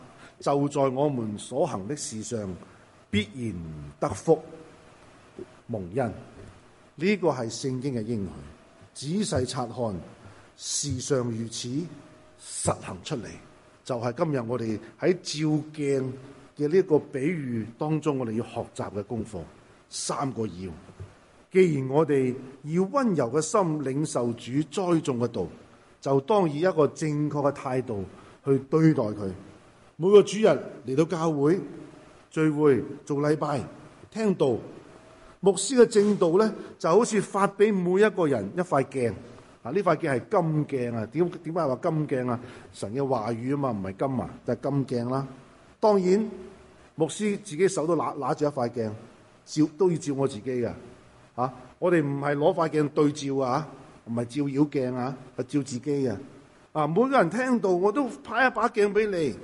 A: 就在我們所行的事上，必然得福蒙恩。呢個係聖經嘅英雄，仔細察看，時常如此，實行出嚟就係、是、今日我哋喺照鏡嘅呢個比喻當中，我哋要學習嘅功課三個要。既然我哋以溫柔嘅心領受主栽種嘅道，就當以一個正確嘅態度去對待佢。每個主日嚟到教會聚會做禮拜聽道，牧師嘅證道咧就好似發俾每一個人一塊鏡啊！呢塊鏡係金鏡啊！點點解話金鏡啊？神嘅話語啊嘛，唔係金啊，就係金鏡啦。當然，牧師自己手都拿拿住一塊鏡照，都要照我自己嘅。啊！我哋唔係攞塊鏡對照啊，唔係照妖鏡啊，係照自己啊。啊，每個人聽到我都派一把鏡俾你，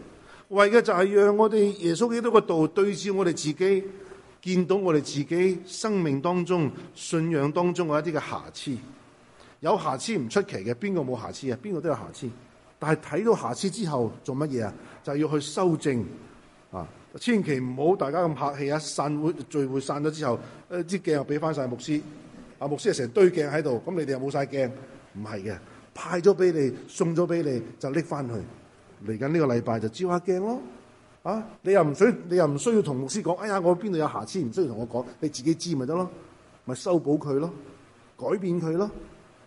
A: 為嘅就係讓我哋耶穌基督嘅道對照我哋自己，見到我哋自己生命當中、信仰當中嘅一啲嘅瑕疵。有瑕疵唔出奇嘅，邊個冇瑕疵啊？邊個都有瑕疵。但係睇到瑕疵之後做乜嘢啊？就係要去修正啊！千祈唔好大家咁客氣啊！散會聚會散咗之後，啲鏡又俾翻晒牧師。啊，牧師係成堆鏡喺度，咁你哋又冇晒鏡，唔係嘅，派咗俾你，送咗俾你，就拎翻去。嚟緊呢個禮拜就照下鏡咯。啊，你又唔需，你又唔需要同牧師講。哎呀，我邊度有瑕疵，唔需要同我講，你自己知咪得咯，咪修補佢咯，改變佢咯。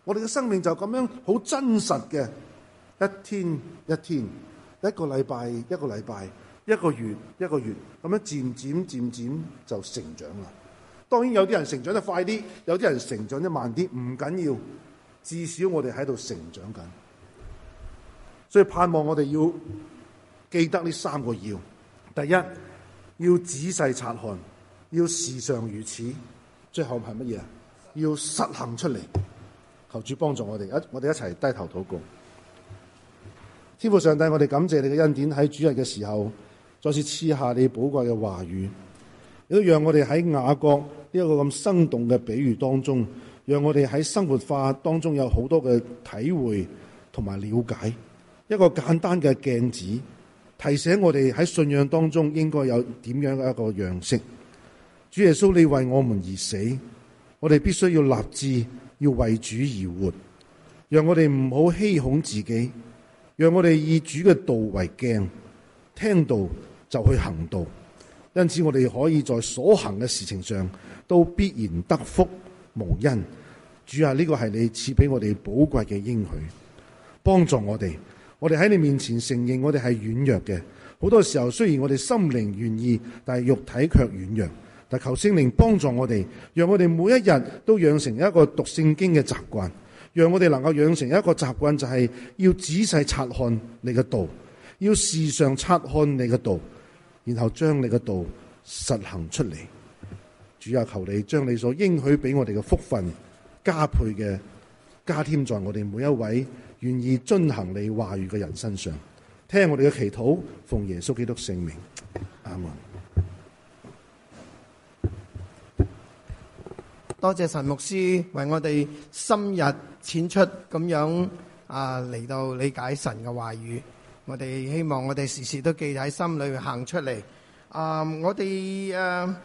A: 我哋嘅生命就咁樣好真實嘅，一天一天，一個禮拜一個禮拜，一個月一個月咁樣，漸漸漸漸就成長啦。當然有啲人成長得快啲，有啲人成長得慢啲，唔緊要，要。至少我哋喺度成長緊，所以盼望我哋要記得呢三個要：第一，要仔細察看；要時常如此。最後係乜嘢啊？要實行出嚟。求主幫助我哋，我一我哋一齊低頭禱告。天父上帝，我哋感謝你嘅恩典喺主日嘅時候。再次賜下你寶貴嘅話語，亦都讓我哋喺雅各呢一個咁生動嘅比喻當中，讓我哋喺生活化當中有好多嘅體會同埋了解。一個簡單嘅鏡子，提醒我哋喺信仰當中應該有點樣嘅一個樣式。主耶穌，你為我們而死，我哋必須要立志要為主而活，讓我哋唔好欺哄自己，讓我哋以主嘅道為鏡，聽道。」就去行道，因此我哋可以在所行嘅事情上都必然得福無恩。主啊，呢個係你賜俾我哋寶貴嘅應許，幫助我哋。我哋喺你面前承認我們是，我哋係軟弱嘅。好多時候雖然我哋心靈願意，但係肉體卻軟弱。但求聖靈幫助我哋，讓我哋每一日都養成一個讀聖經嘅習慣，讓我哋能夠養成一個習慣，就係要仔細察看你嘅道，要時常察看你嘅道。然後將你嘅道實行出嚟，主要求你將你所應許俾我哋嘅福分加倍嘅加添在我哋每一位願意遵行你話語嘅人身上。聽下我哋嘅祈禱，奉耶穌基督聖名，阿門。
B: 多謝神牧師為我哋深入淺出咁樣啊嚟到理解神嘅話語。我哋希望我哋時時都記喺心裏，行出嚟。啊，我哋誒、呃、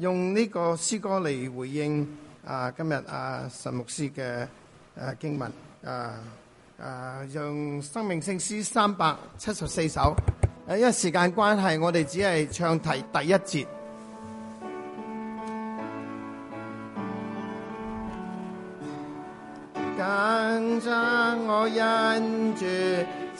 B: 用呢個詩歌嚟回應啊、呃，今日啊、呃、神牧師嘅誒經文。誒、呃呃、用生命聖詩三百七十四首。因為時間關係，我哋只係唱題第一節。緊張我因住。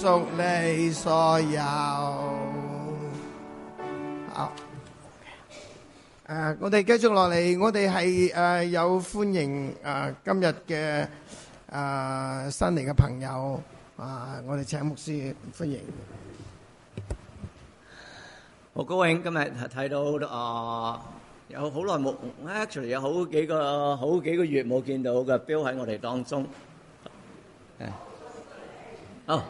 B: 祝你所有，好，誒，我哋繼續落嚟，我哋係誒有歡迎誒今日嘅誒新嚟嘅朋友，啊，我哋請牧師歡迎。
C: 好，高興今日睇到啊，有好耐冇，actually 有好幾個好幾個月冇見到嘅 Bill 喺我哋當中，好。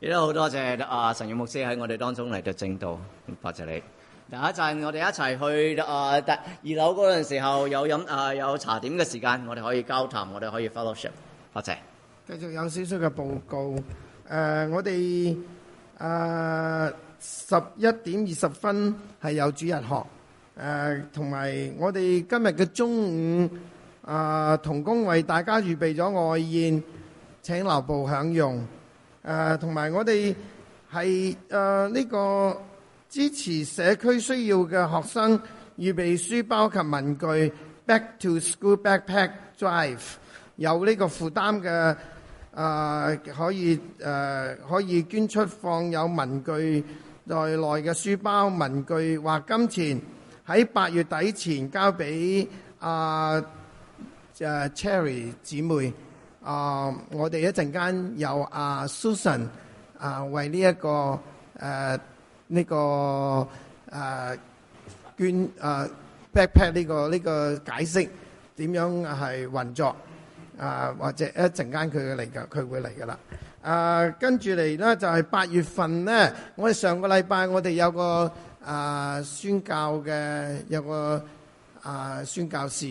C: 亦都好多謝阿、呃、神約牧師喺我哋當中嚟到證道，多謝，謝你。等一陣，我哋一齊去阿二樓嗰陣時候有飲啊、呃、有茶點嘅時間，我哋可以交談，我哋可以 fellowship，
B: 多謝，謝。繼續有少少嘅報告。誒、呃，我哋誒十一點二十分係有主日學。誒、呃，同埋我哋今日嘅中午，啊、呃，同工為大家預備咗外宴。請留步享用。同埋我哋係、啊、呢個支持社區需要嘅學生預備書包及文具。Back to school backpack drive 有呢個負擔嘅、啊、可以、啊、可以捐出放有文具在內嘅書包、文具或金錢，喺八月底前交俾、啊 uh, Cherry 姊妹。啊、呃！我哋一陣間有阿 Susan 啊、呃，為呢、這、一個誒呢、呃這個誒、呃、捐誒、呃、backpack 呢、這個呢、這個解釋點樣係運作啊、呃，或者一陣間佢會嚟㗎，佢會嚟㗎啦。啊、呃，跟住嚟咧就係、是、八月份咧，我哋上個禮拜我哋有個啊、呃、宣教嘅有個啊、呃、宣教士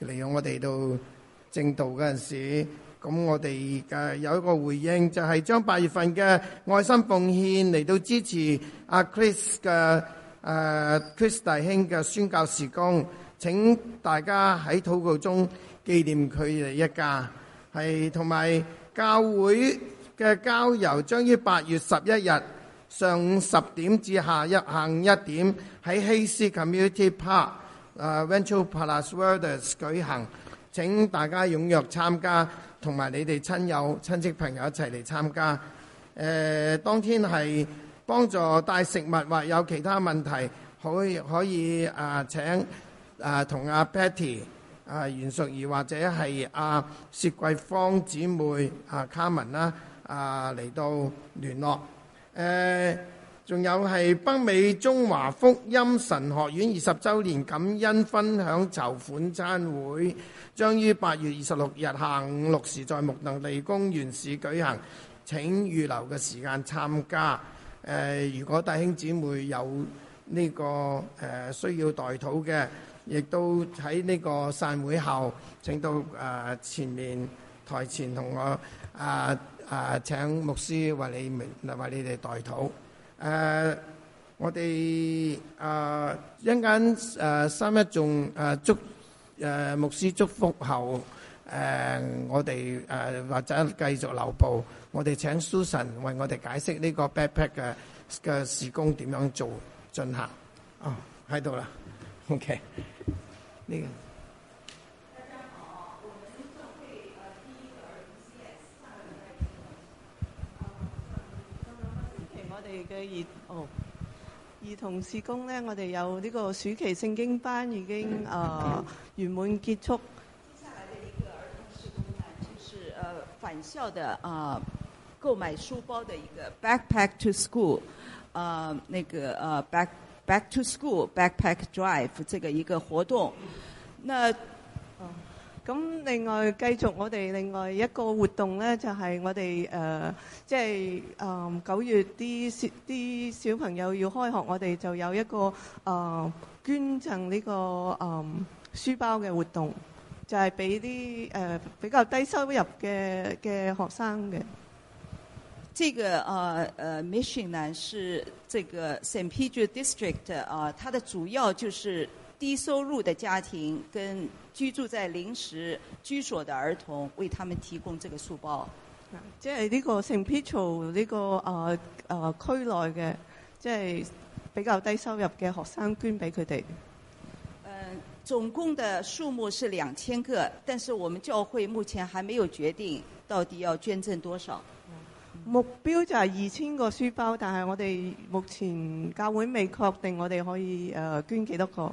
B: 嚟用我哋到正道嗰陣時候。咁我哋嘅有一個回應，就係將八月份嘅愛心奉獻嚟到支持阿 Chris 嘅，誒 Chris 大兄嘅宣教事工。請大家喺禱告中紀念佢哋一家。係，同埋教會嘅郊遊將於八月十一日上午十點至下一下午一點喺希斯 Community Park、誒 Venture Palace Gardens 舉行。請大家踴躍參加。同埋你哋親友、親戚朋友一齊嚟參加。誒、呃，當天係幫助帶食物或有其他問題，可以可以啊請啊同阿 Patty 啊袁淑儀或者係阿薛桂芳姊妹啊 Carmen 啦啊嚟到聯絡。誒、啊。仲有係北美中華福音神學院二十週年感恩分享籌款餐會，將於八月二十六日下午六時在木能利公園市舉行。請預留嘅時間參加。誒，如果弟兄姊妹有呢個誒需要代禱嘅，亦都喺呢個散會後請到誒前面台前同我啊啊請牧師為你們嚟為你哋代禱。誒、uh, 我哋誒一陣間誒三一眾誒祝誒牧師祝福後誒、uh, 我哋誒、uh, 或者繼續留步，我哋請 Susan 為我哋解釋呢個 backpack 嘅嘅事工點樣做進行。啊、oh，喺度啦，OK 呢、這個。
C: 兒哦，兒童事工咧，我哋有呢個暑期聖經班已經啊圓滿結束。接下來嘅一個
D: 兒童事工咧，就是呃返校的啊，購、呃、買書包的一個 backpack to school，啊、呃、那個啊、呃、back back to
C: school backpack drive 這個一個活動，那。咁另外繼續，我哋另外一個活動咧，就係、是、我哋誒，即係嗯九月啲小啲小朋友要開學，我哋就有一個誒、呃、捐贈呢、這個誒、呃、書包嘅活動，就係俾啲誒比較低收入嘅嘅學生嘅。呢、
D: 這個啊，呃 mission 呢是這個 San Pedro district 啊、呃，它的主要就是低收入的家庭跟。居住在臨時居所的兒童，為他們提供這個書包。
C: 即係呢個聖彼得呢個啊啊、呃、區內嘅，即係比較低收入嘅學生捐俾佢哋。呃，
D: 總共的數目是兩千個，但是我們教會目前還沒有決定到底要捐贈多少。
C: 目標就係二千個書包，但係我哋目前教會未確定我哋可以呃捐幾多個。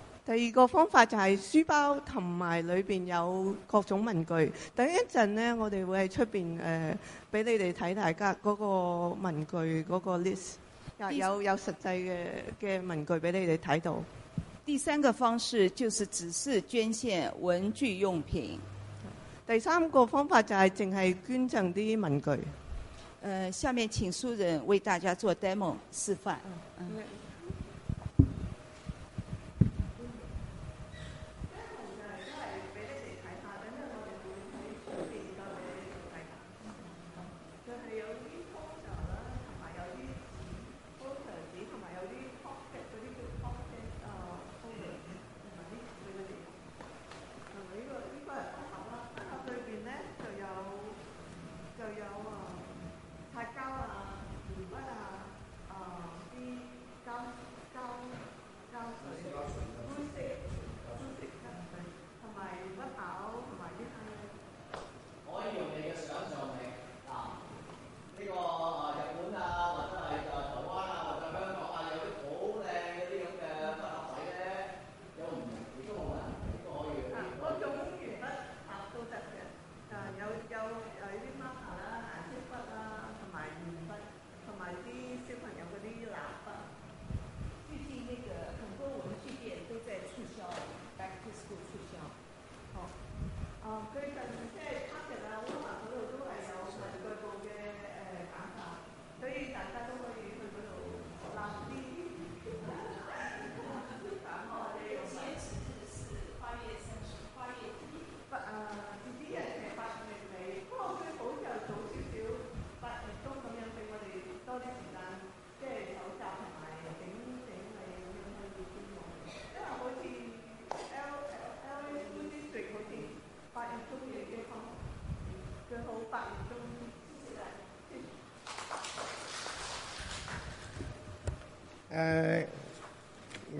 C: 第二個方法就係書包同埋裏邊有各種文具。等一陣呢，我哋會喺出面誒俾、呃、你哋睇大家嗰個文具嗰、嗰個 list，有有實際嘅嘅文具俾你哋睇到。
D: 第三個方式就是只是捐獻文具用品。第三個方法就係淨係捐贈啲文具、呃。下面請書人為大家做 demo 示範。嗯嗯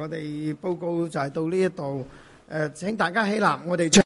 B: 我哋報告就係到呢一度，誒、呃、請大家起立，我哋出。